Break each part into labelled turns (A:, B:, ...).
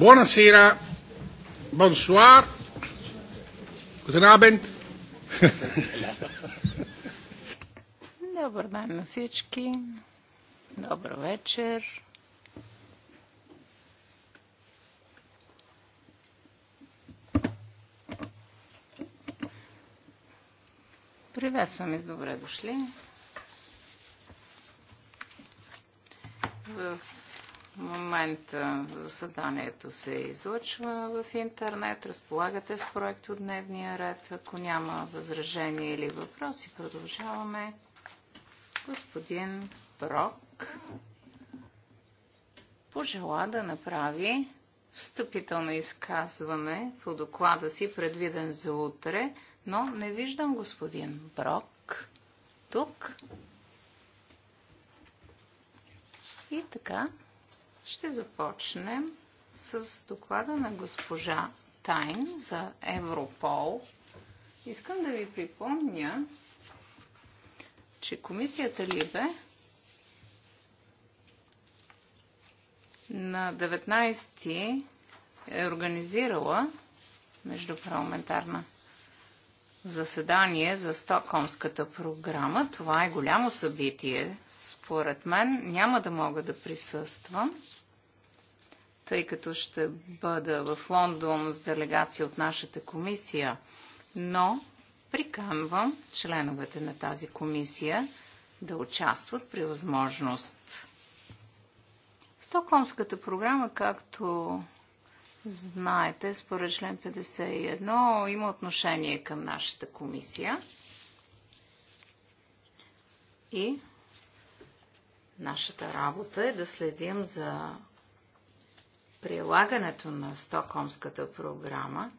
A: Buonasera, bonsoir, guten Abend. Добър ден на всички. Добър вечер. Приветстваме с добре дошли в момента заседанието се излъчва в интернет. Разполагате с проект от дневния ред. Ако няма възражения или въпроси, продължаваме. Господин Брок пожела да направи встъпително изказване по доклада си, предвиден за утре, но не виждам господин Брок тук. И така, ще започнем с доклада на госпожа Тайн за Европол. Искам да ви припомня, че комисията Либе на 19 е организирала междупарламентарна заседание за Стокхолмската програма. Това е голямо събитие. Според мен няма да мога да присъствам тъй като ще бъда в Лондон с делегация от нашата комисия, но приканвам членовете на тази комисия да участват при възможност. Стокхолмската програма, както знаете, според член 51 има отношение към нашата комисия. И нашата работа е да следим за прилагането на Стокхолмската програма,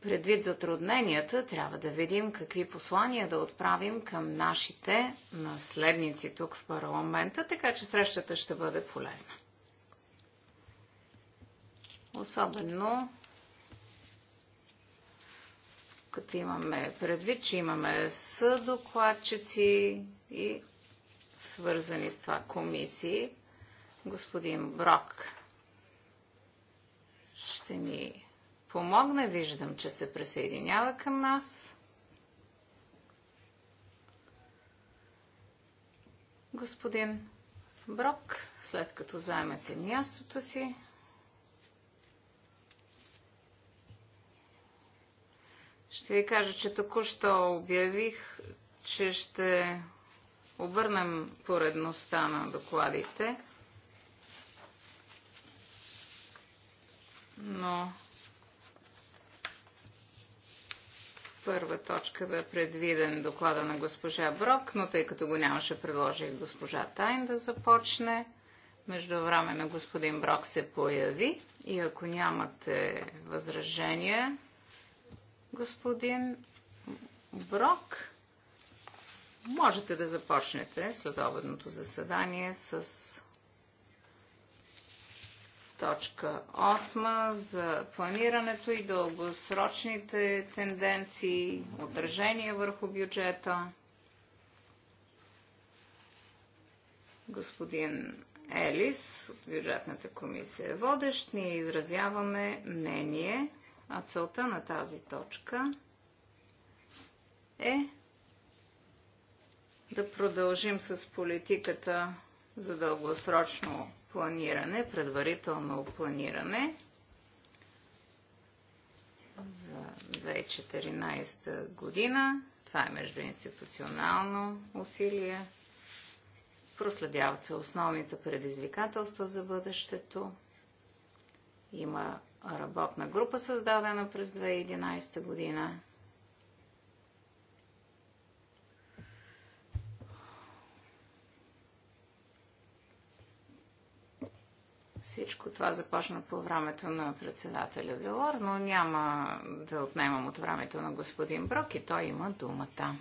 A: предвид затрудненията, трябва да видим какви послания да отправим към нашите наследници тук в парламента, така че срещата ще бъде полезна. Особено като имаме предвид, че имаме съдокладчици и свързани с това комисии, Господин Брок ще ни помогне. Виждам, че се присъединява към нас. Господин Брок, след като заемете мястото си, ще ви кажа, че току-що обявих, че ще обърнем поредността на докладите. но първа точка бе предвиден доклада на госпожа Брок, но тъй като го нямаше, предложих госпожа Тайн да започне. Между време на господин Брок се появи и ако нямате възражение, господин Брок, можете да започнете следобедното заседание с Точка 8 за планирането и дългосрочните тенденции, отражение върху бюджета. Господин Елис от бюджетната комисия е водещ. Ние изразяваме мнение, а целта на тази точка е да продължим с политиката за дългосрочно планиране, предварително планиране за 2014 година. Това е междуинституционално усилие. Проследяват се основните предизвикателства за бъдещето. Има работна група, създадена през 2011 година. Всичко това започна по времето на председателя Делор, но няма да отнемам от времето на господин Брок и той има думата.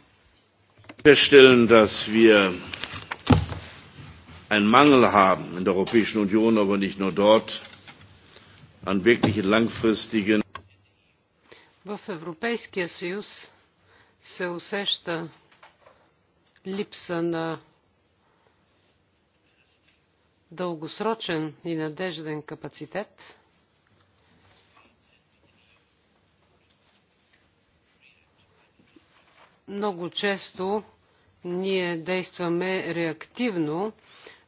A: einen Mangel haben in der Europäischen Union, aber nicht nur dort, an langfristigen.
B: В Европейския съюз се усеща липса на дългосрочен и надежден капацитет, много често ние действаме реактивно,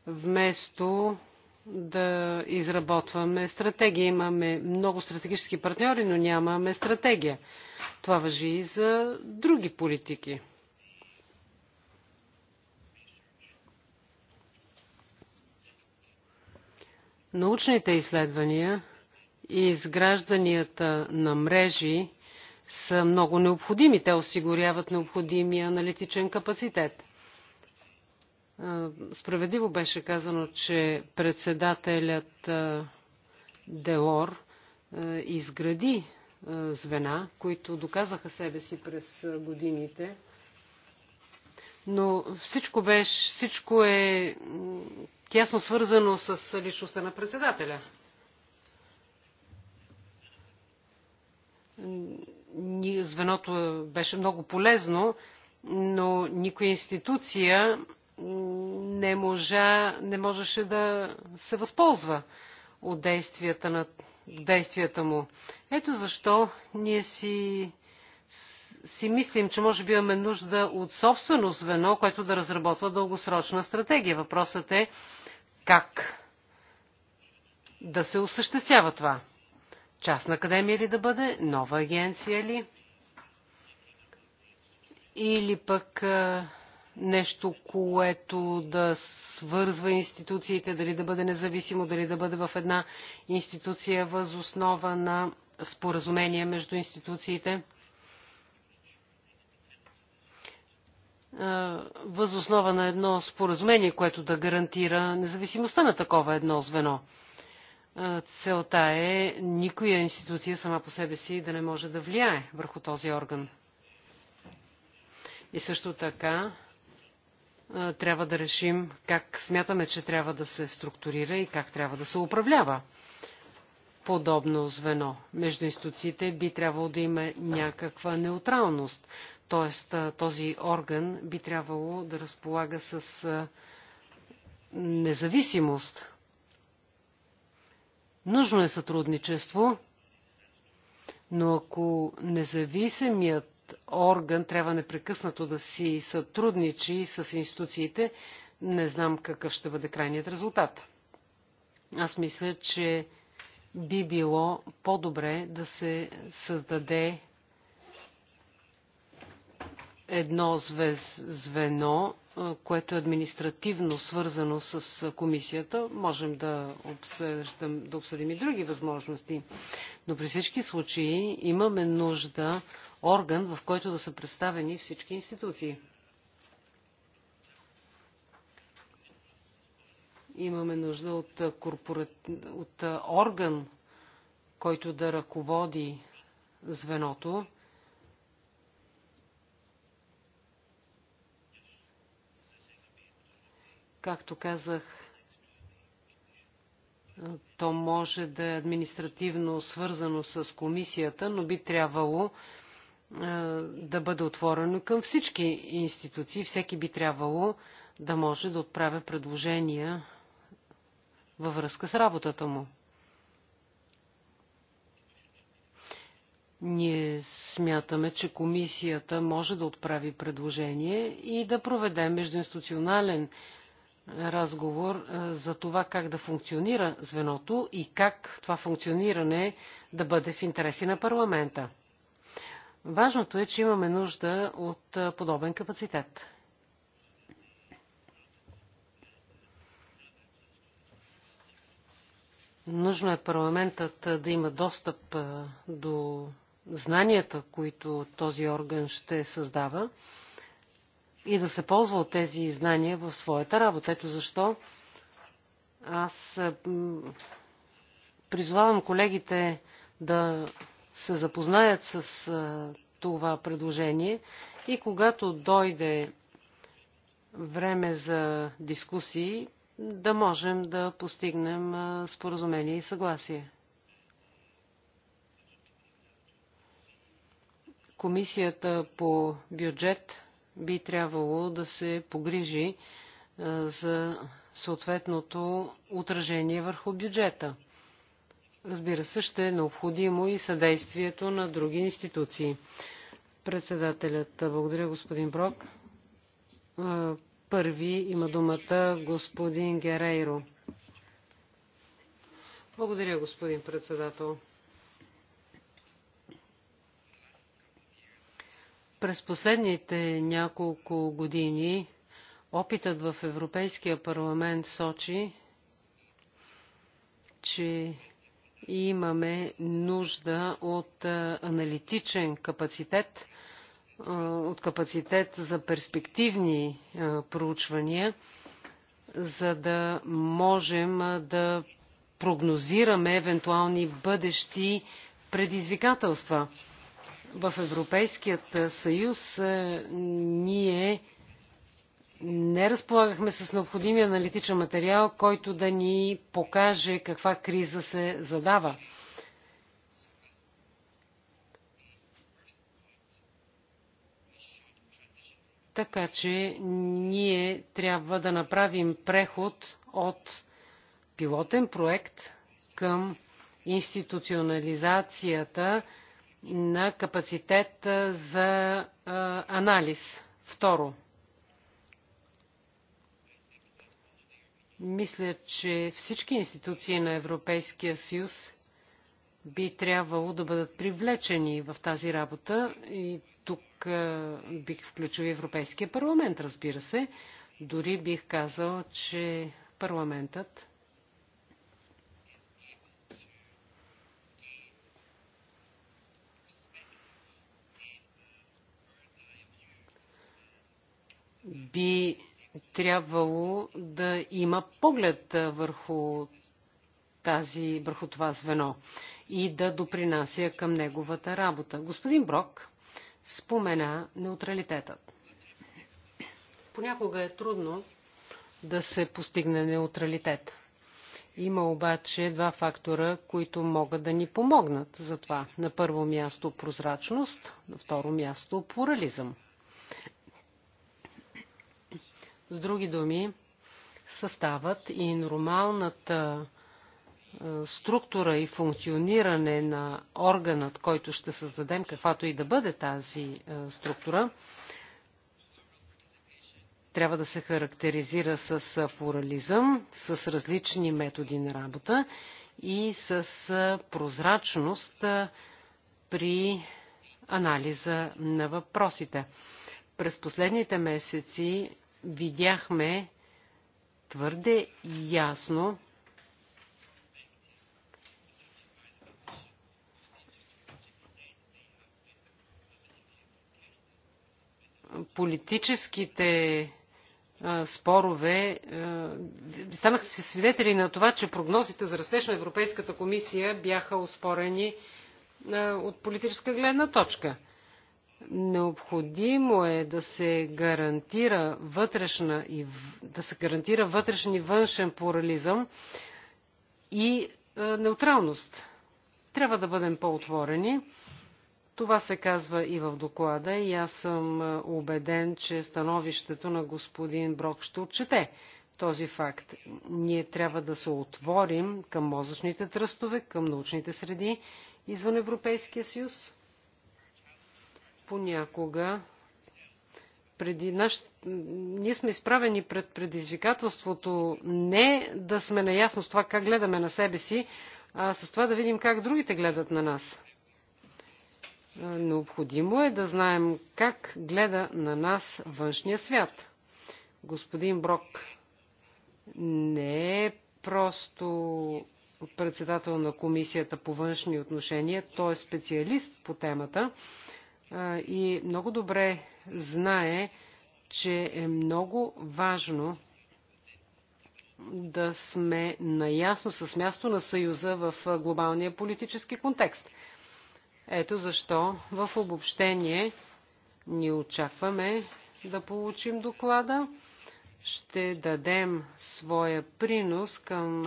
B: вместо да изработваме стратегия. Имаме много стратегически партньори, но нямаме стратегия. Това въжи и за други политики. Научните изследвания и изгражданията на мрежи са много необходими. Те осигуряват необходимия аналитичен капацитет. Справедливо беше казано, че председателят Делор изгради звена, които доказаха себе си през годините – но всичко, беше, всичко е тясно свързано с личността на председателя. Звеното беше много полезно, но никоя институция не, можа, не можеше да се възползва от действията, на, действията му. Ето защо ние си си мислим, че може би имаме нужда от собствено звено, което да разработва дългосрочна стратегия. Въпросът е как да се осъществява това. Частна академия ли да бъде, нова агенция ли? Или пък нещо, което да свързва институциите, дали да бъде независимо, дали да бъде в една институция възоснова на споразумение между институциите. възоснова на едно споразумение, което да гарантира независимостта на такова едно звено. Целта е никоя институция сама по себе си да не може да влияе върху този орган. И също така трябва да решим как смятаме, че трябва да се структурира и как трябва да се управлява подобно звено. Между институциите би трябвало да има някаква неутралност. Т.е. този орган би трябвало да разполага с независимост. Нужно е сътрудничество, но ако независимият орган трябва непрекъснато да си сътрудничи с институциите, не знам какъв ще бъде крайният резултат. Аз мисля, че би било по-добре да се създаде едно звез, звено, което е административно свързано с комисията. Можем да, обсъждам, да обсъдим и други възможности. Но при всички случаи имаме нужда орган, в който да са представени всички институции. Имаме нужда от, корпорат... от орган, който да ръководи звеното Както казах, то може да е административно свързано с комисията, но би трябвало е, да бъде отворено към всички институции. Всеки би трябвало да може да отправя предложения във връзка с работата му. Ние смятаме, че комисията може да отправи предложение и да проведе междуинституционален разговор е, за това как да функционира звеното и как това функциониране да бъде в интереси на парламента. Важното е, че имаме нужда от е, подобен капацитет. Нужно е парламентът е, да има достъп до знанията, които този орган ще създава и да се ползва от тези знания в своята работа. Ето защо аз призвавам колегите да се запознаят с това предложение и когато дойде време за дискусии, да можем да постигнем споразумение и съгласие. Комисията по бюджет би трябвало да се погрижи за съответното отражение върху бюджета. Разбира се, ще е необходимо и съдействието на други институции. Председателят, благодаря господин Брок. Първи има думата господин Герейро. Благодаря, господин председател. През последните няколко години опитът в Европейския парламент сочи, че имаме нужда от аналитичен капацитет, от капацитет за перспективни проучвания, за да можем да прогнозираме евентуални бъдещи предизвикателства в Европейският е, съюз е, ние не разполагахме с необходимия аналитичен материал, който да ни покаже каква криза се задава. Така че ние трябва да направим преход от пилотен проект към институционализацията на капацитет за анализ. Второ, мисля, че всички институции на Европейския съюз би трябвало да бъдат привлечени в тази работа и тук бих включил Европейския парламент, разбира се. Дори бих казал, че парламентът би трябвало да има поглед върху, тази, върху това звено и да допринася към неговата работа. Господин Брок спомена неутралитетът. Понякога е трудно да се постигне неутралитет. Има обаче два фактора, които могат да ни помогнат за това. На първо място прозрачност, на второ място плурализъм. С други думи, съставът и нормалната структура и функциониране на органът, който ще създадем, каквато и да бъде тази структура, трябва да се характеризира с плурализъм, с различни методи на работа и с прозрачност при анализа на въпросите. През последните месеци видяхме твърде ясно, политическите а, спорове. А, станах се свидетели на това, че прогнозите за растеж на Европейската комисия бяха оспорени а, от политическа гледна точка. Необходимо е да се гарантира вътрешна и, да се гарантира вътрешен и външен плурализъм и е, неутралност. Трябва да бъдем по-отворени. Това се казва и в доклада и аз съм е, убеден, че становището на господин Брок ще отчете този факт. Ние трябва да се отворим към мозъчните тръстове, към научните среди извън Европейския съюз понякога преди наш... ние сме изправени пред предизвикателството не да сме наясно с това как гледаме на себе си, а с това да видим как другите гледат на нас. Необходимо е да знаем как гледа на нас външния свят. Господин Брок не е просто председател на Комисията по външни отношения, той е специалист по темата и много добре знае, че е много важно да сме наясно с място на Съюза в глобалния политически контекст. Ето защо в обобщение ни очакваме да получим доклада. Ще дадем своя принос към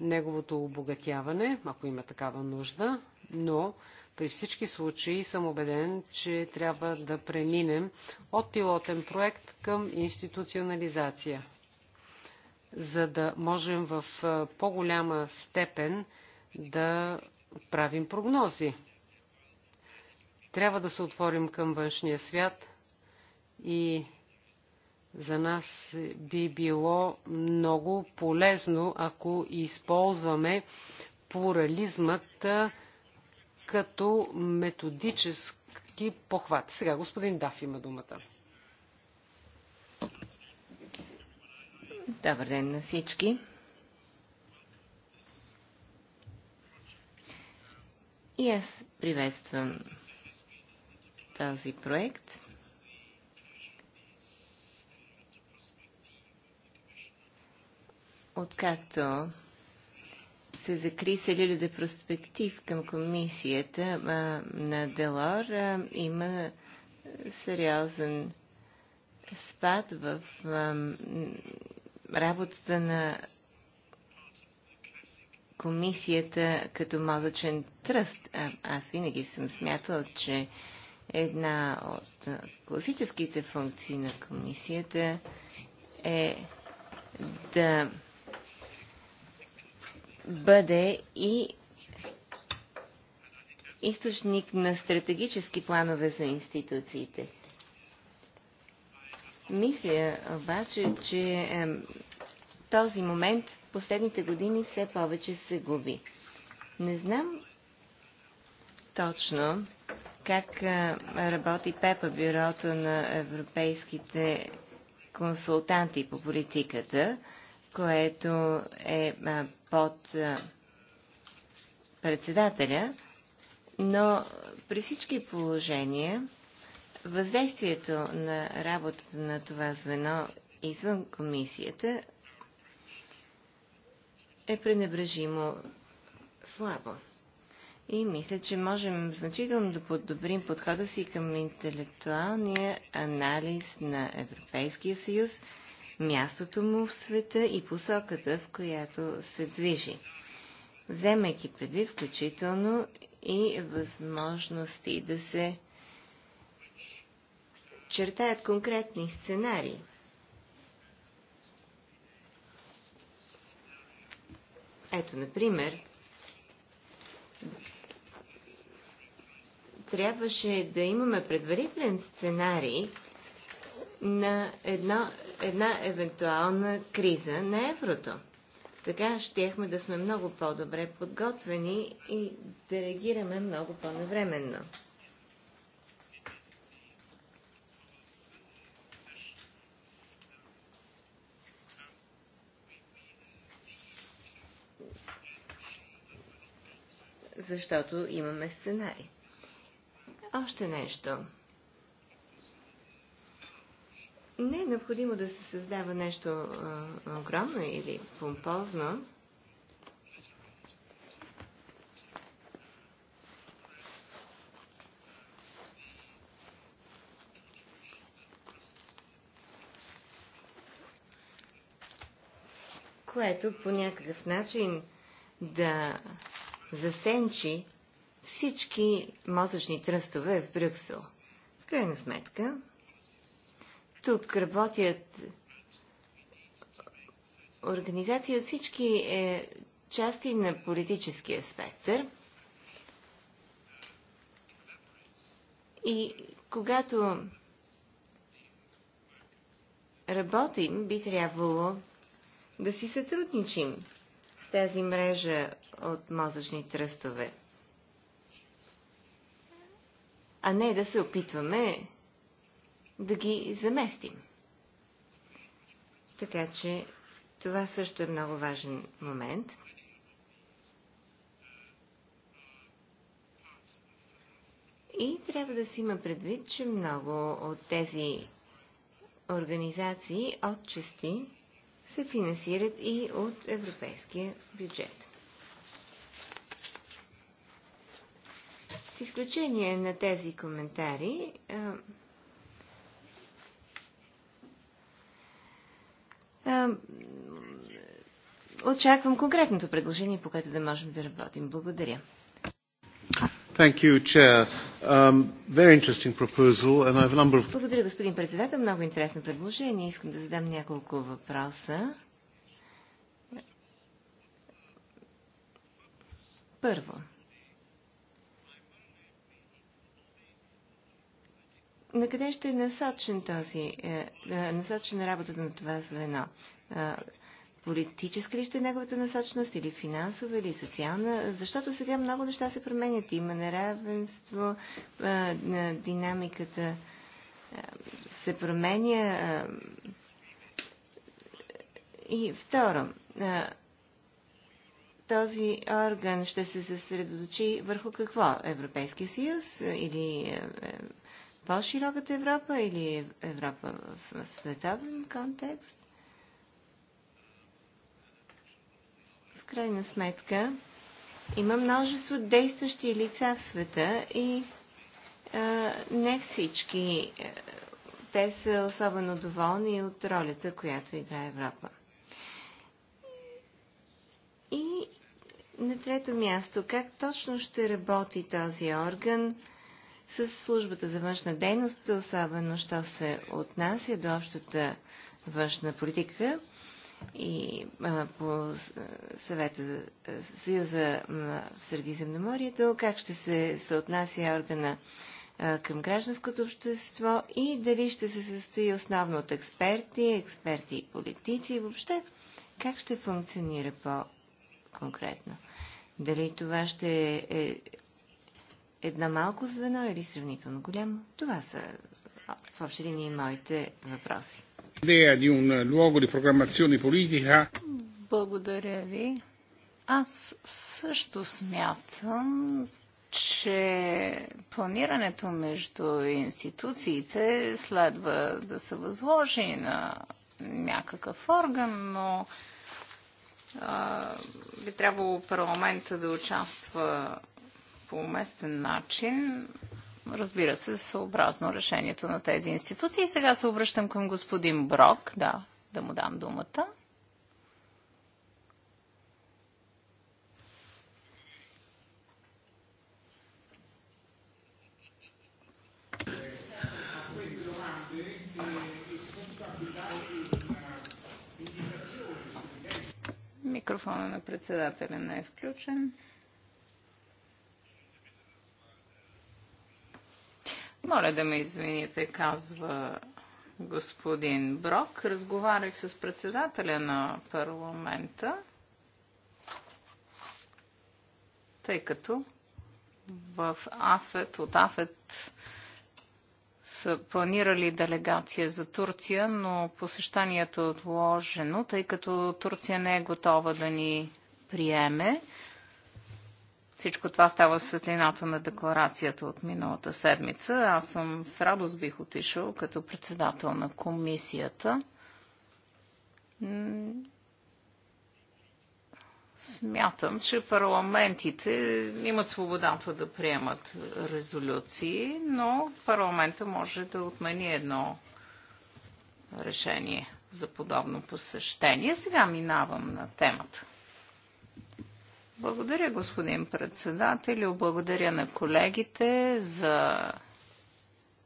B: неговото обогатяване, ако има такава нужда, но при всички случаи съм убеден, че трябва да преминем от пилотен проект към институционализация, за да можем в по-голяма степен да правим прогнози. Трябва да се отворим към външния свят и за нас би било много полезно, ако използваме плурализмата като методически похват. Сега господин Даф има думата.
C: Добър ден на всички. И аз приветствам този проект. Откакто се закри целилюда проспектив към комисията а, на Делор, а, има сериозен спад в а, работата на комисията като мозъчен тръст. А, аз винаги съм смятала, че една от класическите функции на комисията е да бъде и източник на стратегически планове за институциите. Мисля обаче, че е, този момент последните години все повече се губи. Не знам точно как е, работи ПЕПА, бюрото на европейските консултанти по политиката което е под председателя, но при всички положения въздействието на работата на това звено извън комисията е пренебрежимо слабо. И мисля, че можем значително да подобрим подхода си към интелектуалния анализ на Европейския съюз – мястото му в света и посоката, в която се движи, вземайки предвид включително и възможности да се чертаят конкретни сценарии. Ето, например, трябваше да имаме предварителен сценарий на една, една евентуална криза на еврото. Така щеяхме да сме много по-добре подготвени и да реагираме много по-навременно. Защото имаме сценарий. Още нещо не е необходимо да се създава нещо а, огромно или помпозно. което по някакъв начин да засенчи всички мозъчни тръстове в Брюксел. В крайна сметка, тук работят организации от всички е, части на политическия спектър. И когато работим, би трябвало да си сътрудничим с тази мрежа от мозъчни тръстове. А не да се опитваме да ги заместим. Така че това също е много важен момент. И трябва да си има предвид, че много от тези организации от части се финансират и от европейския бюджет. С изключение на тези коментари, очаквам конкретното предложение, по което да можем да работим. Благодаря.
B: Thank You, Chair. um, very interesting proposal, and I have a number of...
C: Благодаря, господин председател. Много интересно предложение. Искам да задам няколко въпроса. Първо. на къде ще е насочен този, е, е, насочена работата на това звено? Е, политическа ли ще е неговата насоченост, или финансова, или социална, защото сега много неща се променят. Има неравенство, на динамиката се променя. И второ, този орган ще се съсредоточи върху какво? Европейския съюз или по-широката Европа или Европа в световен контекст? В крайна сметка има множество действащи лица в света и а, не всички а, е, те са особено доволни от ролята, която играе Европа. И на трето място, как точно ще работи този орган? с службата за външна дейност, особено що се отнася до общата външна политика и а, по съвета Съюза в Средиземноморието, как ще се съотнася органа а, към гражданското общество и дали ще се състои основно от експерти, експерти и политици и въобще как ще функционира по-конкретно. Дали това ще е Една малко звено или сравнително голямо? Това са в общи линии моите въпроси. Благодаря ви. Аз също
A: смятам, че планирането между институциите следва да се възложи на някакъв орган, но а, би трябвало парламента да участва по уместен начин, разбира се, съобразно решението на тези институции. Сега се обръщам към господин Брок, да, да му дам думата. Микрофона на председателя не е включен. Моля да ме извините, казва господин Брок. Разговарях с председателя на парламента, тъй като в Афет, от Афет са планирали делегация за Турция, но посещанието е отложено, тъй като Турция не е готова да ни приеме. Всичко това става в светлината на декларацията от миналата седмица. Аз съм с радост бих отишъл като председател на комисията. Смятам, че парламентите имат свободата да приемат резолюции, но парламента може да отмени едно решение за подобно посещение. Сега минавам на темата. Благодаря, господин председател, Благодаря на колегите за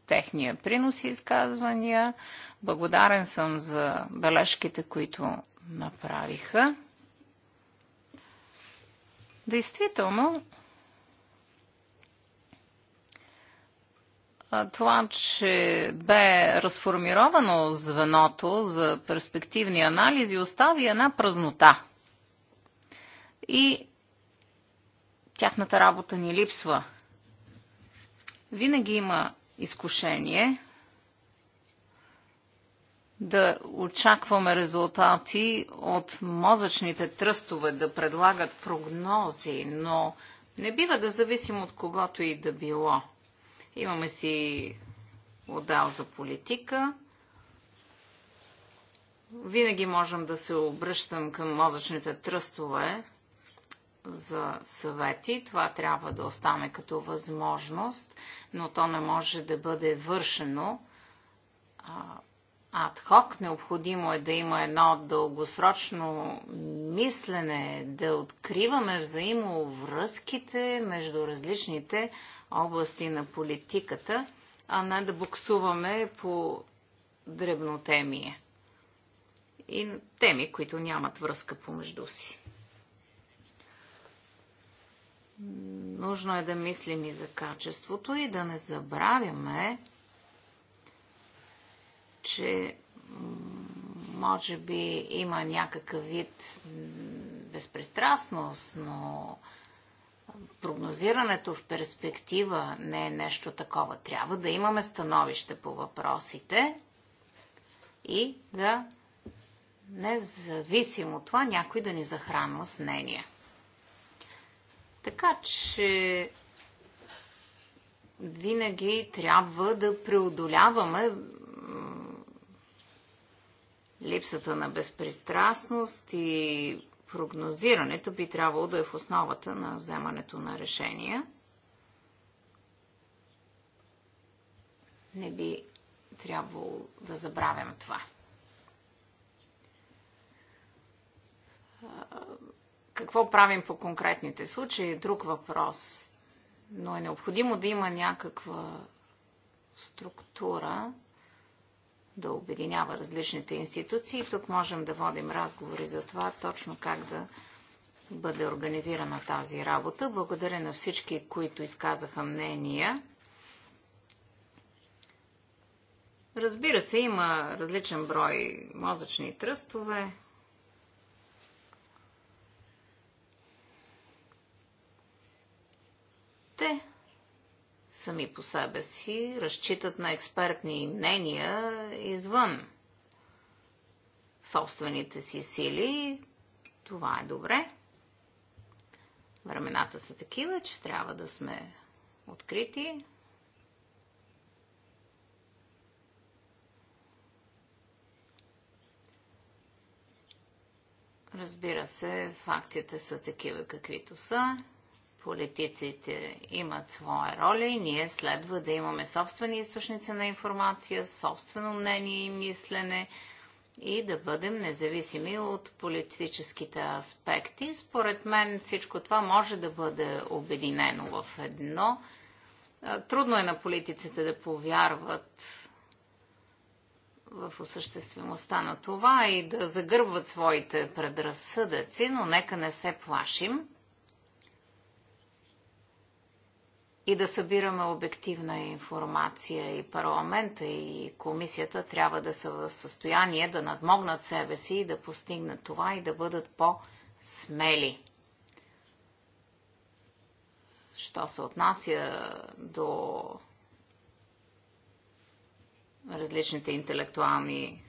A: техния принос и изказвания. Благодарен съм за бележките, които направиха. Действително, това, че бе разформировано звеното за перспективни анализи, остави една празнота. И тяхната работа ни липсва. Винаги има изкушение да очакваме резултати от мозъчните тръстове, да предлагат прогнози, но не бива да зависим от когото и да било. Имаме си отдал за политика. Винаги можем да се обръщам към мозъчните тръстове за съвети. Това трябва да остане като възможност, но то не може да бъде вършено адхок. Необходимо е да има едно дългосрочно мислене, да откриваме взаимовръзките между различните области на политиката, а не да буксуваме по дребнотемие и теми, които нямат връзка помежду си. Нужно е да мислим и за качеството и да не забравяме, че може би има някакъв вид безпристрастност, но прогнозирането в перспектива не е нещо такова. Трябва да имаме становище по въпросите и да независимо от това някой да ни захранва с мнение. Така че винаги трябва да преодоляваме липсата на безпристрастност и прогнозирането би трябвало да е в основата на вземането на решения. Не би трябвало да забравям това. Какво правим по конкретните случаи е друг въпрос. Но е необходимо да има някаква структура, да обединява различните институции. Тук можем да водим разговори за това точно как да бъде организирана тази работа. Благодаря на всички, които изказаха мнения. Разбира се, има различен брой мозъчни тръстове, Те сами по себе си разчитат на експертни мнения извън собствените си сили. Това е добре. Времената са такива, че трябва да сме открити. Разбира се, фактите са такива, каквито са. Политиците имат своя роля и ние следва да имаме собствени източници на информация, собствено мнение и мислене и да бъдем независими от политическите аспекти. Според мен всичко това може да бъде обединено в едно. Трудно е на политиците да повярват в осъществимостта на това и да загърбват своите предразсъдъци, но нека не се плашим. и да събираме обективна информация и парламента и комисията трябва да са в състояние да надмогнат себе си и да постигнат това и да бъдат по-смели. Що се отнася до различните интелектуални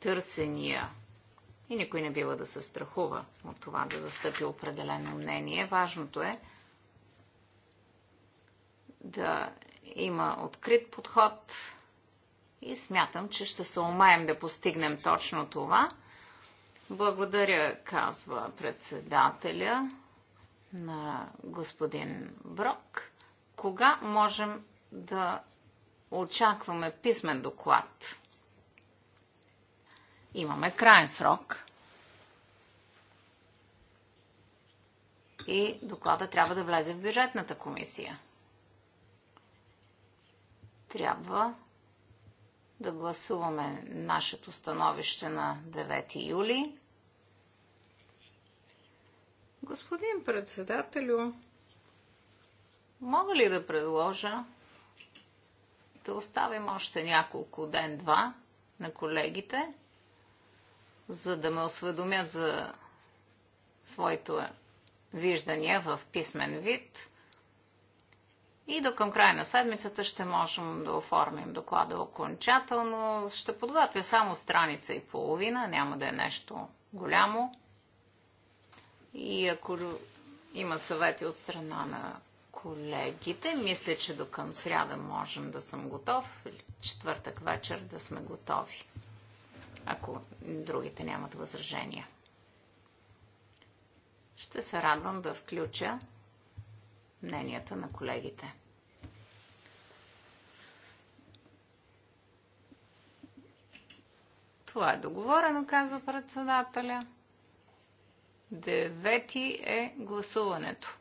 A: търсения и никой не бива да се страхува от това да застъпи определено мнение. Важното е да има открит подход и смятам, че ще се умеем да постигнем точно това. Благодаря, казва председателя на господин Брок. Кога можем да очакваме писмен доклад? Имаме крайен срок. И доклада трябва да влезе в бюджетната комисия трябва да гласуваме нашето становище на 9 юли. Господин председателю, мога ли да предложа да оставим още няколко ден-два на колегите, за да ме осведомят за своите виждания в писмен вид – и до към края на седмицата ще можем да оформим доклада окончателно. Ще подготвя само страница и половина, няма да е нещо голямо. И ако има съвети от страна на колегите, мисля, че до към сряда можем да съм готов, или четвъртък вечер да сме готови, ако другите нямат възражения. Ще се радвам да включа мненията на колегите. Това е договорено, казва председателя. Девети е гласуването.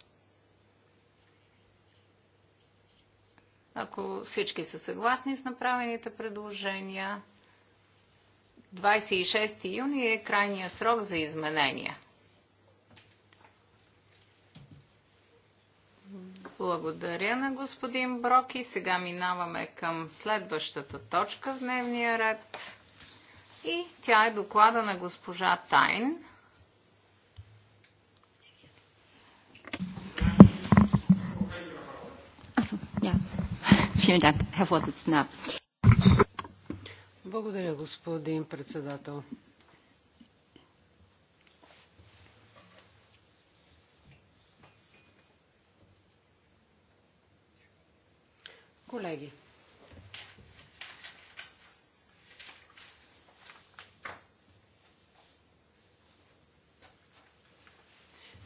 A: Ако всички са съгласни с направените предложения, 26 юни е крайния срок за изменения. Благодаря на господин Брок и сега минаваме към следващата точка в дневния ред. И тя е доклада на госпожа Тайн.
B: Благодаря, господин председател. Колеги,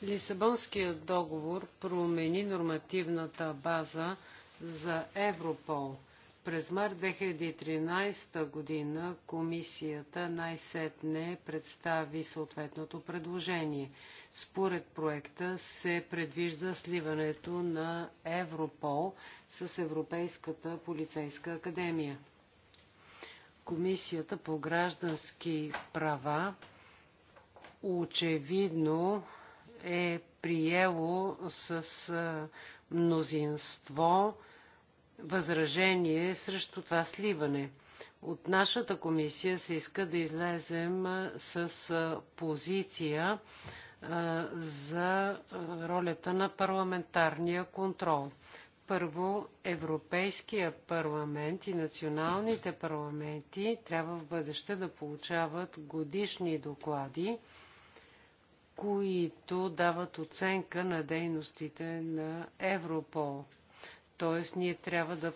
B: Лисабонският договор промени нормативната база за Европол – през март 2013 година комисията най-сетне представи съответното предложение. Според проекта се предвижда сливането на Европол с Европейската полицейска академия. Комисията по граждански права очевидно е приело с мнозинство възражение срещу това сливане. От нашата комисия се иска да излезем с позиция за ролята на парламентарния контрол. Първо, Европейския парламент и националните парламенти трябва в бъдеще да получават годишни доклади, които дават оценка на дейностите на Европол. Т.е. ние трябва да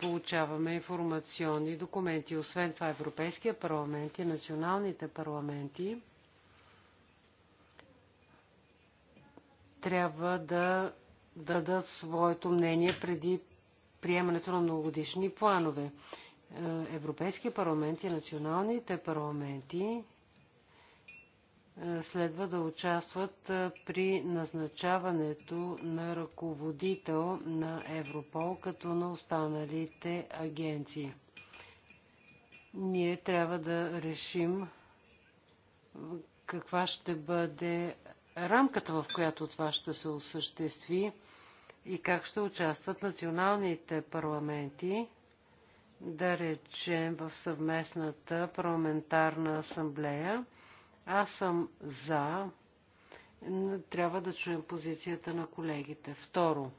B: получаваме информационни документи. Освен това, Европейския парламент и националните парламенти трябва да дадат своето мнение преди приемането на многогодишни планове. Е, Европейския парламент и националните парламенти е, следва да участват е, при назначаването на ръководител на Европол, като на останалите агенции. Ние трябва да решим е, каква ще бъде рамката, в която това ще се осъществи и как ще участват националните парламенти, да речем в съвместната парламентарна асамблея аз съм за. Но трябва да чуем позицията на колегите. Второ,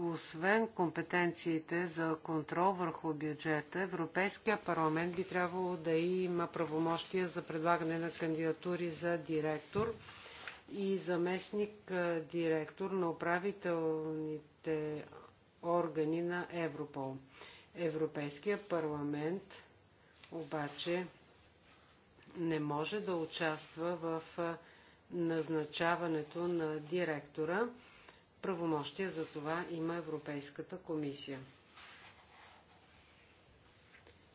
B: освен компетенциите за контрол върху бюджета, Европейския парламент би трябвало да има правомощия за предлагане на кандидатури за директор и заместник директор на управителните органи на Европол. Европейския парламент обаче не може да участва в назначаването на директора. Правомощия за това има Европейската комисия.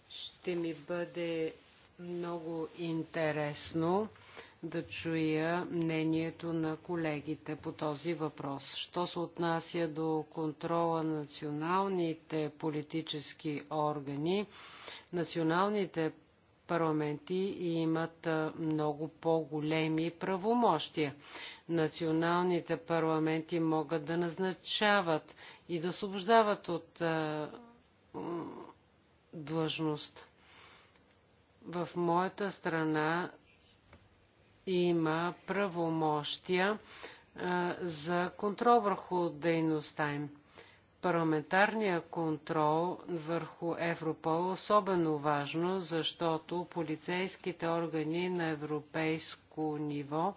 B: Ще ми бъде много интересно да чуя мнението на колегите по този въпрос. Що се отнася до контрола на националните политически органи, Националните парламенти имат много по-големи правомощия. Националните парламенти могат да назначават и да освобождават от длъжност. В моята страна има правомощия за контрол върху дейността им парламентарния контрол върху Европол е особено важно, защото полицейските органи на европейско ниво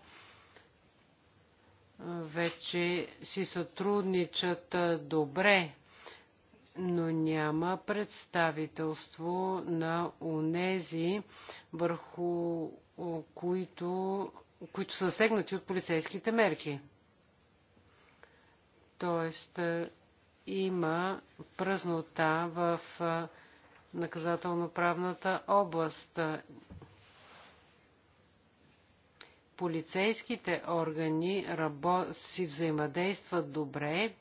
B: вече си сътрудничат добре, но няма представителство на унези, върху които, които са сегнати от полицейските мерки. Тоест, има празнота в наказателно-правната област. Полицейските органи си взаимодействат добре,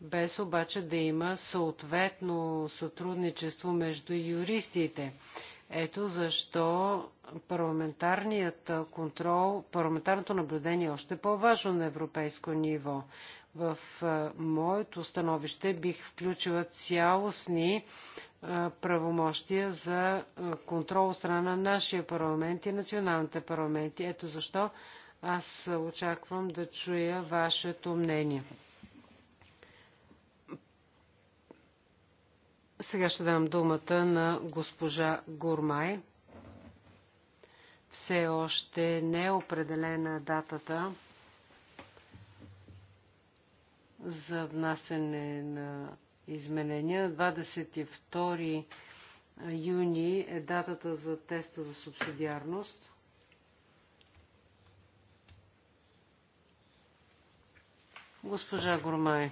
B: без обаче да има съответно сътрудничество между юристите. Ето защо парламентарният контрол, парламентарното наблюдение е още по-важно на европейско ниво. В моето становище бих включила цялостни правомощия за контрол от страна на нашия парламент и националните парламенти. Ето защо аз очаквам да чуя вашето мнение. Сега ще дам думата на госпожа Гурмай. Все още не е определена датата за внасене на изменения. 22 юни е датата за теста за субсидиарност. Госпожа Гурмай.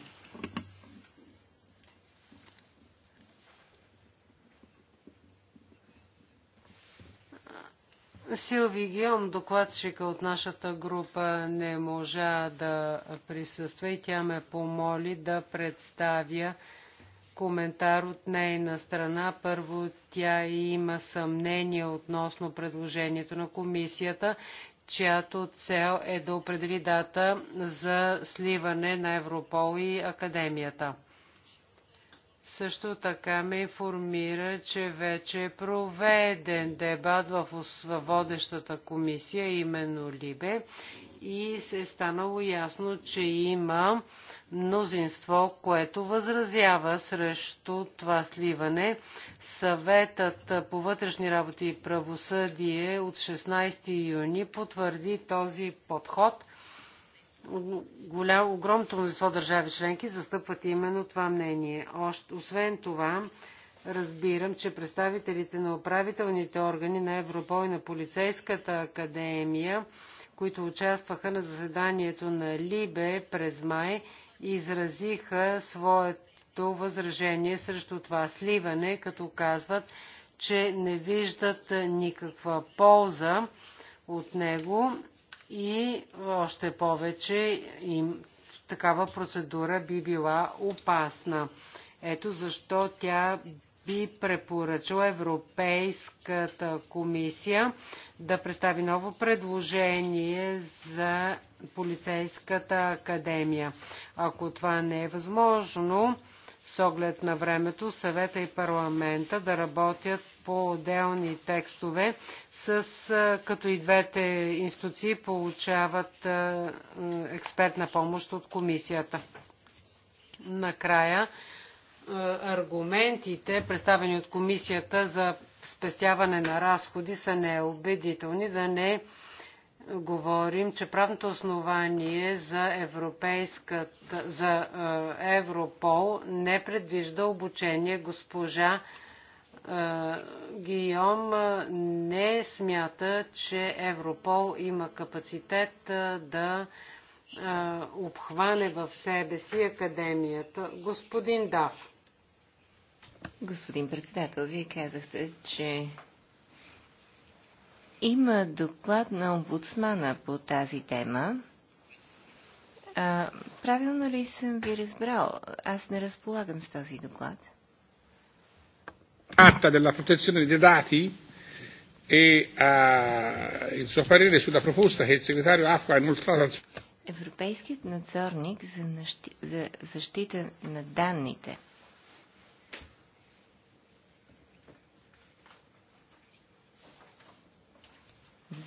B: Силви Геом, докладчика от нашата група, не можа да присъства и тя ме помоли да представя коментар от нейна страна. Първо, тя има съмнение относно предложението на комисията, чиято цел е да определи дата за сливане на Европол и Академията. Също така ме информира, че вече е проведен дебат в водещата комисия, именно Либе, и се е станало ясно, че има мнозинство, което възразява срещу това сливане. Съветът по вътрешни работи и правосъдие от 16 юни потвърди този подход голям, огромното мнозинство държави членки застъпват именно това мнение. Още, освен това, разбирам, че представителите на управителните органи на Европол и на полицейската академия, които участваха на заседанието на Либе през май, изразиха своето възражение срещу това сливане, като казват, че не виждат никаква полза от него и още повече им, такава процедура би била опасна. Ето защо тя би препоръчала Европейската комисия да представи ново предложение за полицейската академия. Ако това не е възможно, с оглед на времето, съвета и парламента да работят по отделни текстове, с, като и двете институции получават експертна помощ от комисията. Накрая, аргументите, представени от комисията за спестяване на разходи, са неубедителни, да не говорим, че правното основание за, за Европол не предвижда обучение. Госпожа е, Гийом е, не смята, че Европол има капацитет е, да обхване в себе си академията. Господин Дав.
C: Господин председател, вие казахте, че има доклад на омбудсмана по тази тема. А, правилно ли съм ви разбрал? Аз не разполагам с този доклад
A: atta della protezione dei dati e uh, il suo parere sulla proposta che il segretario Afqua ha inoltrato
C: al Европейският надзорник за, нащи... за защита на данните.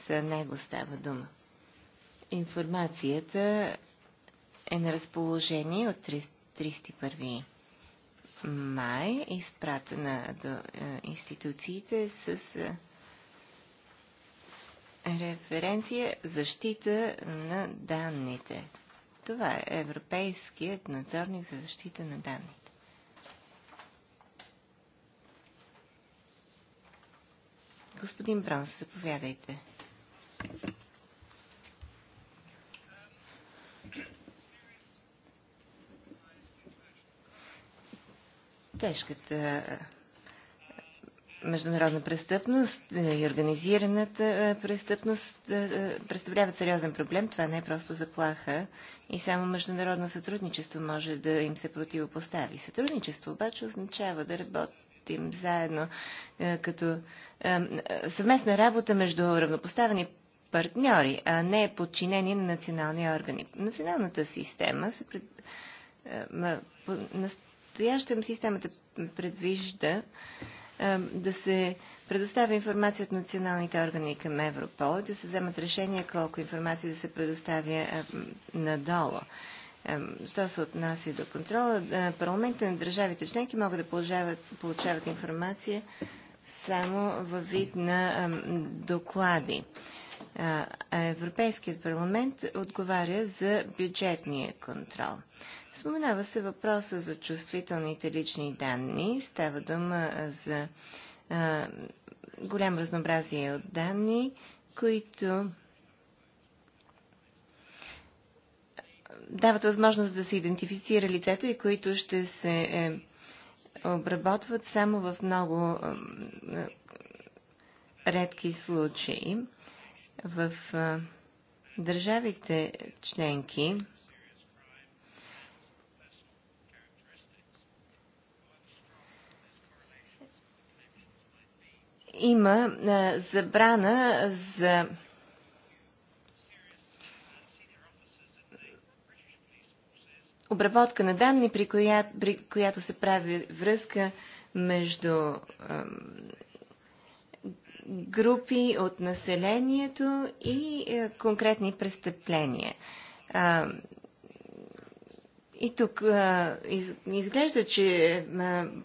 C: За него става дума. Информацията е на разположение от 31 май, изпратена до е, институциите с е, референция защита на данните. Това е Европейският надзорник за защита на данните. Господин Бронс, заповядайте. тежката е, международна престъпност е, и организираната е, престъпност представляват сериозен проблем. Това не е просто заплаха и само международно сътрудничество може да им се противопостави. Сътрудничество обаче означава да работим заедно като съвместна работа между равнопоставени партньори, а не подчинени на национални органи. Националната система се пред настоящем системата предвижда да се предоставя информация от националните органи към Европол и да се вземат решения колко информация да се предоставя надолу. Що се отнася до контрола, парламентите на държавите членки могат да получават, получават информация само във вид на доклади. Европейският парламент отговаря за бюджетния контрол. Споменава се въпроса за чувствителните лични данни. Става дума за а, голям разнообразие от данни, които дават възможност да се идентифицира лицето и които ще се е, обработват само в много е, редки случаи. В е, държавите членки има забрана за обработка на данни, при която, при която се прави връзка между групи от населението и е, конкретни престъпления. И тук изглежда, че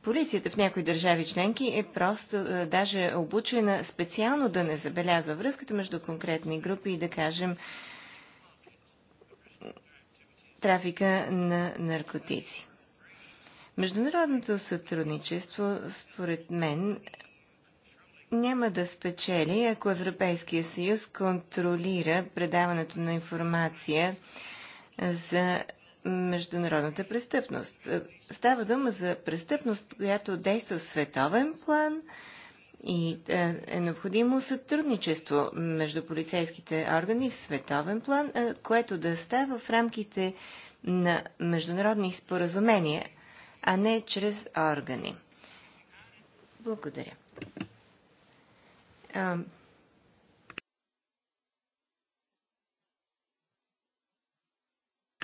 C: полицията в някои държави членки е просто даже обучена специално да не забелязва връзката между конкретни групи и да кажем трафика на наркотици. Международното сътрудничество, според мен, няма да спечели, ако Европейския съюз контролира предаването на информация за международната престъпност. Е, става дума за престъпност, която действа в световен план и е, е необходимо сътрудничество между полицейските органи в световен план, е, което да става в рамките на международни споразумения, а не чрез органи. Благодаря.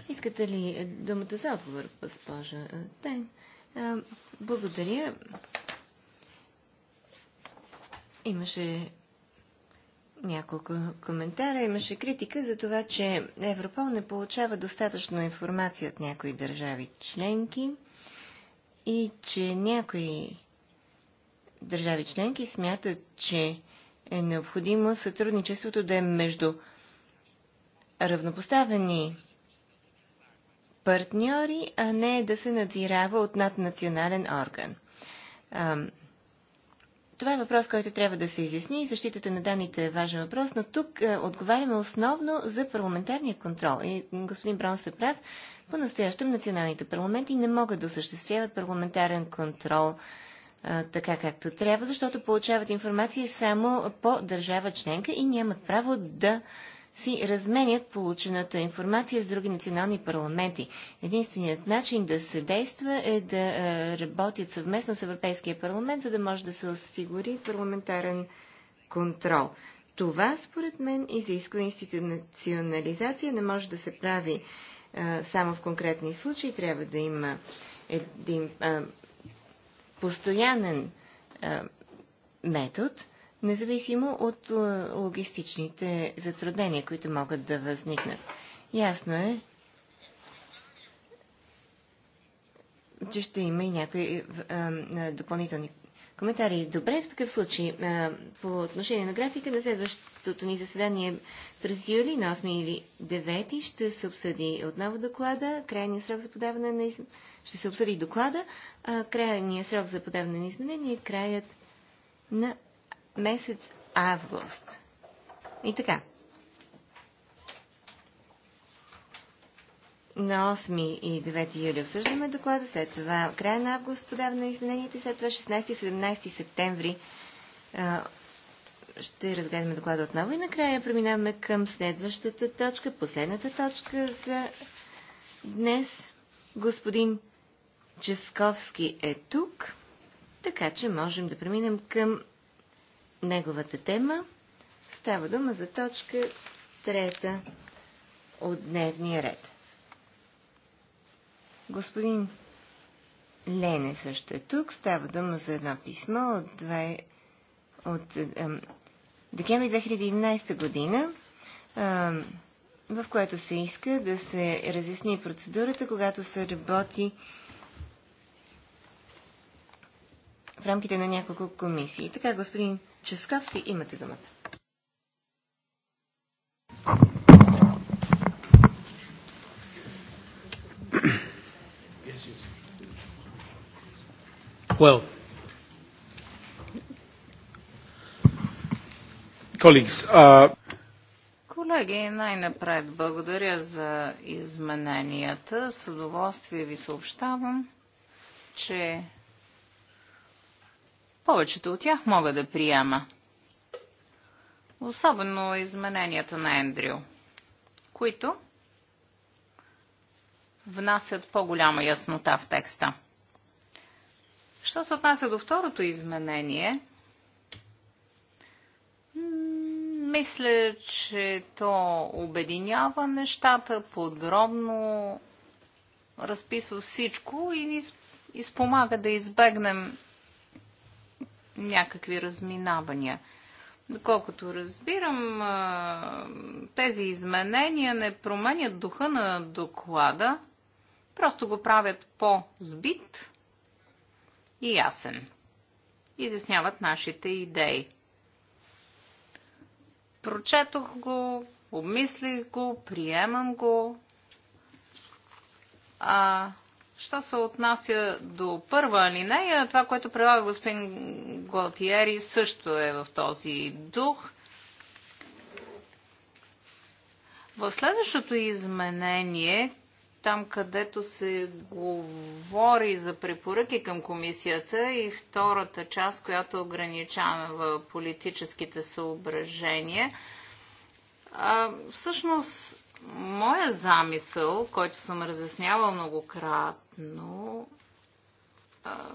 C: Искате ли думата за отговор, госпожа Тен? Благодаря. Имаше няколко коментара, имаше критика за това, че Европол не получава достатъчно информация от някои държави членки и че някои държави членки смятат, че е необходимо сътрудничеството да е между равнопоставени партньори, а не да се надзирава от наднационален орган. Това е въпрос, който трябва да се изясни. Защитата на данните е важен въпрос, но тук е, отговаряме основно за парламентарния контрол. И господин Браун се прав, по-настоящем националните парламенти не могат да осъществяват парламентарен контрол е, така както трябва, защото получават информация само по държава членка и нямат право да си разменят получената информация с други национални парламенти. Единственият начин да се действа е да работят съвместно с Европейския парламент, за да може да се осигури парламентарен контрол. Това, според мен, изисква институционализация. Не може да се прави а, само в конкретни случаи. Трябва да има един а, постоянен а, метод – независимо от е, логистичните затруднения, които могат да възникнат. Ясно е, че ще има и някои е, е, допълнителни коментари. Добре, в такъв случай, по отношение на графика, на следващото ни заседание през юли, на 8 или 9, ще се обсъди отново доклада, крайния срок за подаване на ще се обсъди доклада, а крайния срок за подаване на изменение, краят на месец август. И така. На 8 и 9 юли обсъждаме доклада, след това края на август подава на измененията след това 16 и 17 септември ще разгледаме доклада отново и накрая преминаваме към следващата точка, последната точка за днес. Господин Ческовски е тук, така че можем да преминем към неговата тема. Става дума за точка трета от дневния ред. Господин Лене също е тук. Става дума за едно писмо от, две, от ем, декември 2011 година, ем, в което се иска да се разясни процедурата, когато се работи в рамките на няколко комисии. Така, господин Ческавски, имате думата.
B: Well, colleagues, uh...
A: Колеги, най-напред благодаря за измененията. С удоволствие ви съобщавам, че повечето от тях мога да приема. Особено измененията на Ендрю, които внасят по-голяма яснота в текста. Що се отнася до второто изменение, мисля, че то обединява нещата, подробно разписва всичко и изпомага спомага да избегнем някакви разминавания. Доколкото разбирам, тези изменения не променят духа на доклада, просто го правят по-збит и ясен. Изясняват нашите идеи. Прочетох го, обмислих го, приемам го. А Що се отнася до първа алинея, това, което предлага господин Гуалтиери, също е в този дух. В следващото изменение, там където се говори за препоръки към комисията и втората част, която е ограничава политическите съображения, всъщност Моя замисъл, който съм разяснявал многократно,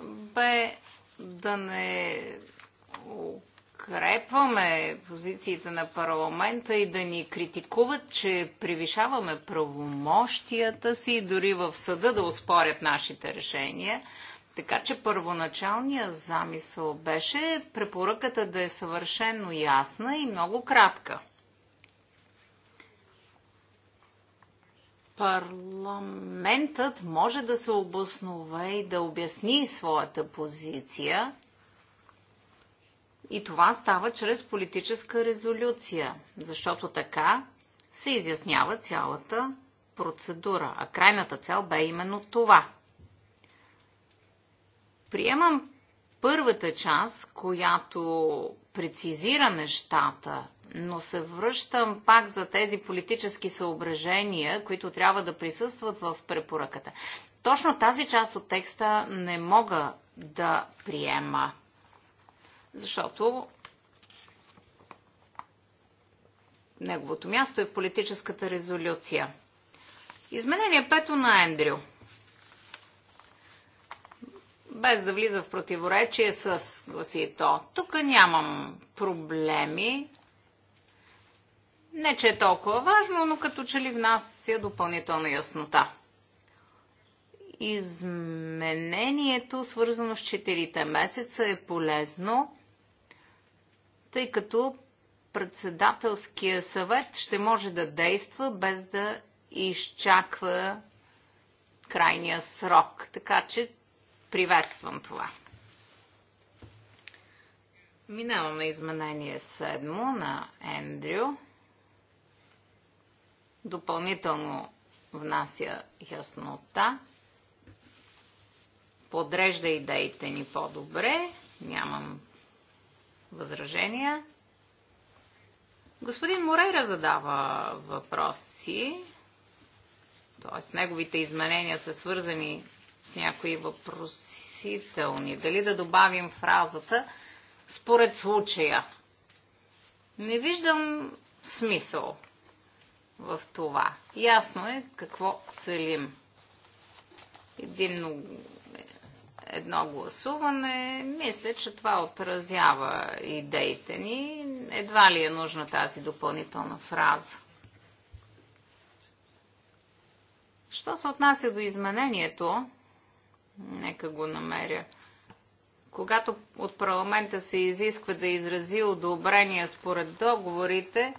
A: бе да не укрепваме позициите на парламента и да ни критикуват, че превишаваме правомощията си и дори в съда да успорят нашите решения. Така че първоначалният замисъл беше препоръката да е съвършено ясна и много кратка – Парламентът може да се обоснове и да обясни своята позиция. И това става чрез политическа резолюция, защото така се изяснява цялата процедура. А крайната цел бе именно това. Приемам първата част, която прецизира нещата но се връщам пак за тези политически съображения, които трябва да присъстват в препоръката. Точно тази част от текста не мога да приема, защото неговото място е в политическата резолюция. Изменение пето на Ендрю. Без да влиза в противоречие с гласи то. Тук нямам проблеми. Не, че е толкова важно, но като че ли в нас си е допълнителна яснота. Изменението, свързано с четирите месеца, е полезно, тъй като председателския съвет ще може да действа без да изчаква крайния срок. Така че приветствам това. Минаваме изменение седмо на Ендрю допълнително внася яснота, подрежда идеите ни по-добре, нямам възражения. Господин Морейра задава въпроси, т.е. неговите изменения са свързани с някои въпросителни. Дали да добавим фразата според случая? Не виждам смисъл в това. Ясно е какво целим. Единно, едно гласуване, мисля, че това отразява идеите ни. Едва ли е нужна тази допълнителна фраза. Що се отнася до изменението, нека го намеря. Когато от парламента се изисква да изрази одобрение според договорите,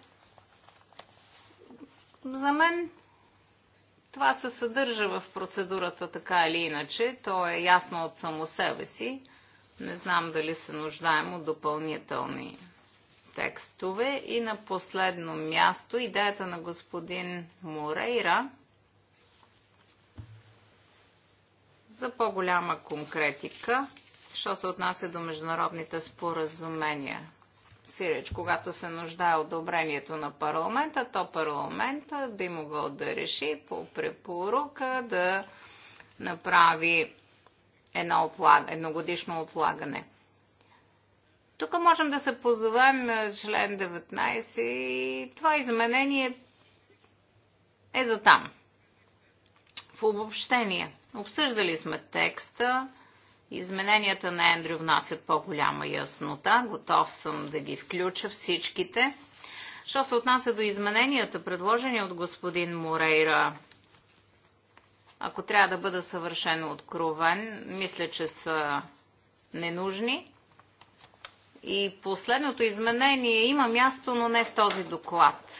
C: за мен
A: това се съдържа в процедурата така или иначе. То е ясно от само себе си. Не знам дали се нуждаем от допълнителни текстове. И на последно място идеята на господин Морейра за по-голяма конкретика, що се отнася до международните споразумения. Сиреч, когато се нуждае одобрението на парламента, то парламента би могъл да реши по препорука да направи едно отлаг... едногодишно отлагане. Тук можем да се позовем на член 19 и това изменение е за там. В обобщение. Обсъждали сме текста, Измененията на Ендрю внасят по-голяма яснота. Готов съм да ги включа всичките. Що се отнася до измененията, предложени от господин Морейра, ако трябва да бъда съвършено откровен, мисля, че са ненужни. И последното изменение има място, но не в този доклад.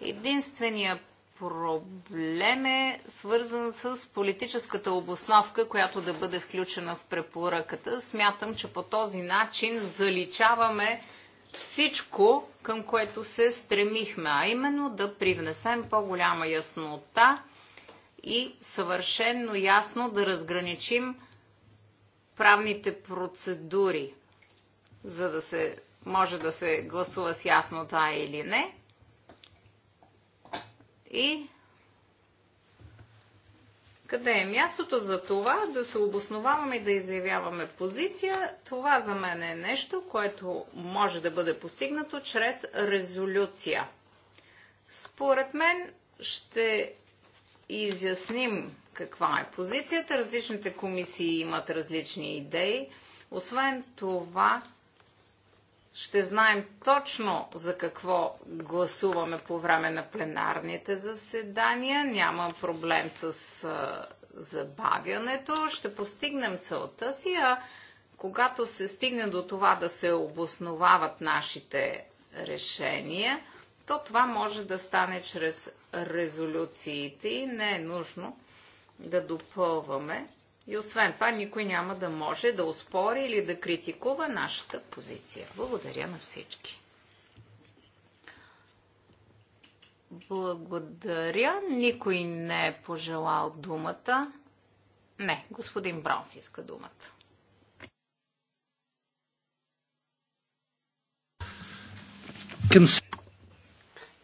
A: Единственият проблем е свързан с политическата обосновка, която да бъде включена в препоръката. Смятам, че по този начин заличаваме всичко, към което се стремихме, а именно да привнесем по-голяма яснота и съвършенно ясно да разграничим правните процедури, за да се може да се гласува с яснота или не и къде е мястото за това да се обосноваваме и да изявяваме позиция? Това за мен е нещо, което може да бъде постигнато чрез резолюция. Според мен ще изясним каква е позицията. Различните комисии имат различни идеи. Освен това, ще знаем точно за какво гласуваме по време на пленарните заседания. Няма проблем с забавянето. Ще постигнем целта си, а когато се стигне до това да се обосновават нашите решения, то това може да стане чрез резолюциите и не е нужно да допълваме и освен това, никой няма да може да успори или да критикува нашата позиция. Благодаря на всички. Благодаря. Никой не е пожелал думата. Не, господин Браунс иска
B: думата.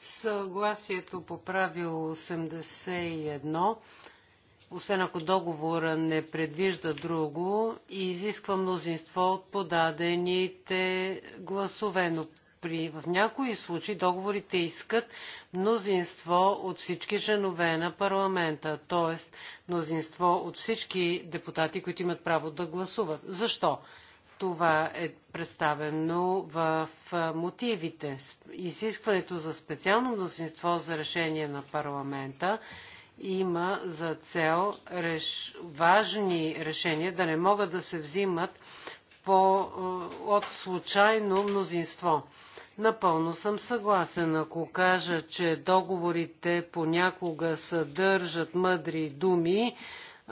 B: Съгласието по правило 81 освен ако договора не предвижда друго, и изисква мнозинство от подадените гласове, но при, в някои случаи договорите искат мнозинство от всички женове на парламента, т.е. мнозинство от всички депутати, които имат право да гласуват. Защо? Това е представено в мотивите. Изискването за специално мнозинство за решение на парламента има за цел реш... важни решения да не могат да се взимат по... Е, от случайно мнозинство. Напълно съм съгласен, ако кажа, че договорите понякога съдържат мъдри думи,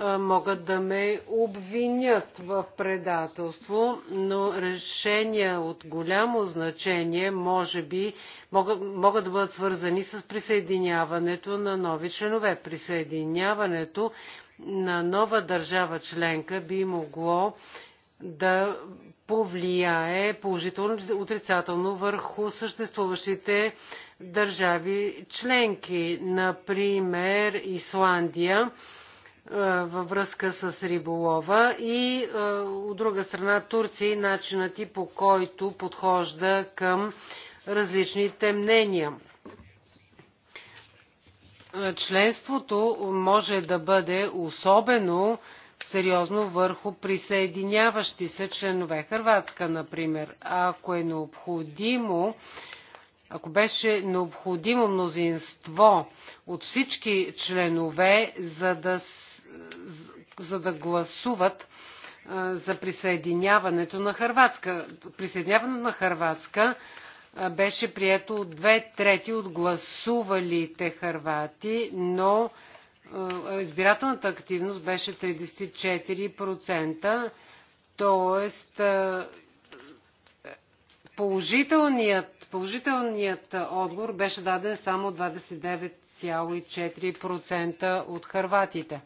B: могат да ме обвинят в предателство, но решения от голямо значение може би могат, могат да бъдат свързани с присъединяването на нови членове. Присъединяването на нова държава членка би могло да повлияе положително или отрицателно върху съществуващите държави членки. Например, Исландия във връзка с риболова и от друга страна Турция и начинът и по който подхожда към различните мнения. Членството може да бъде особено сериозно върху присъединяващи се членове. Хрватска, например, ако е необходимо, ако беше необходимо мнозинство от всички членове, за да се за да гласуват за присъединяването на Харватска. Присъединяването на Харватска беше прието от две трети от гласувалите харвати, но избирателната активност беше 34%, т.е. Положителният, положителният отговор беше даден само 29,4% от харватите.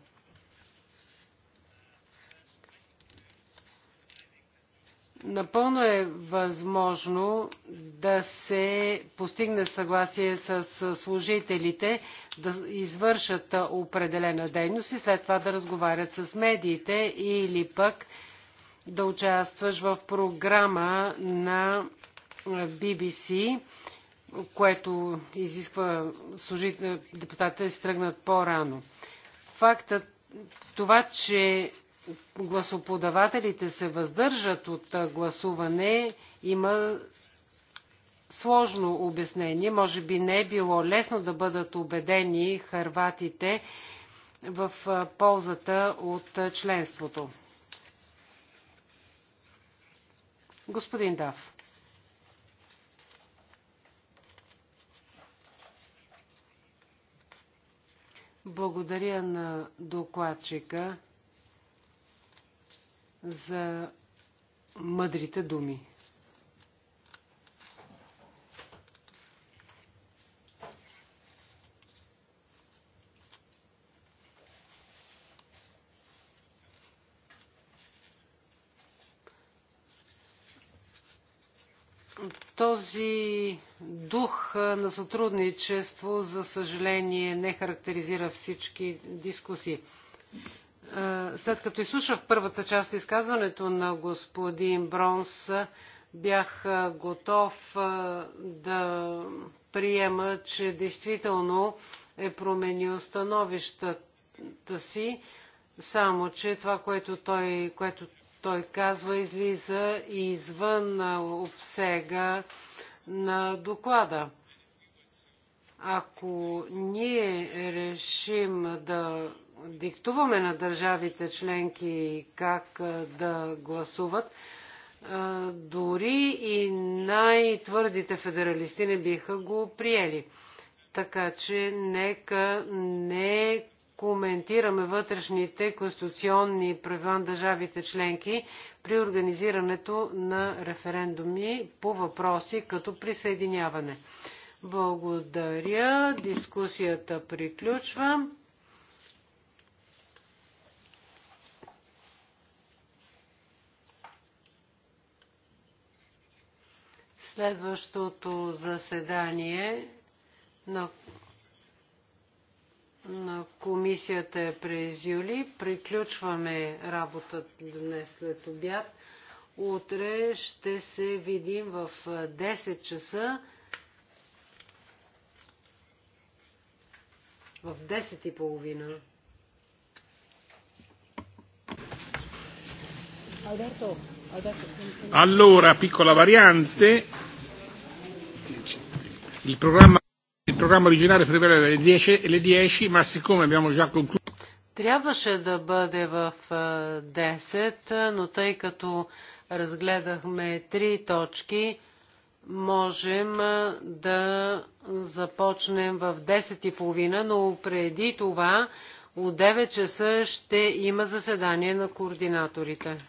B: Напълно е възможно да се постигне съгласие с служителите да извършат определена дейност и след това да разговарят с медиите или пък да участваш в програма на BBC, което изисква служител, депутатите да си тръгнат по-рано. Фактът това, че гласоподавателите се въздържат от гласуване, има сложно обяснение. Може би не е било лесно да бъдат убедени харватите в ползата от членството. Господин Дав. Благодаря на докладчика за мъдрите думи. Този дух на сътрудничество, за съжаление, не характеризира всички дискусии след като изслушах първата част от изказването на господин Бронс, бях готов да приема, че действително е променил становищата си, само че това, което той, което той казва, излиза извън обсега на доклада. Ако ние решим да диктуваме на държавите членки как да гласуват, дори и най-твърдите федералисти не биха го приели. Така че нека не коментираме вътрешните конституционни правила на държавите членки при организирането на референдуми по въпроси като присъединяване. Благодаря. Дискусията приключва. Следващото заседание на, на комисията е през юли. Приключваме работата днес след обяд. Утре ще се видим в 10 часа. В 10 и половина. Alberto, Alberto.
A: Allora, piccola variante. Il programma, il programma originale prevedeva le 10, le 10, ma siccome abbiamo già concluso...
B: Трябваше да бъде в 10, но тъй като разгледахме три точки, можем да започнем в 10.30, но преди това от 9 часа ще има заседание на координаторите.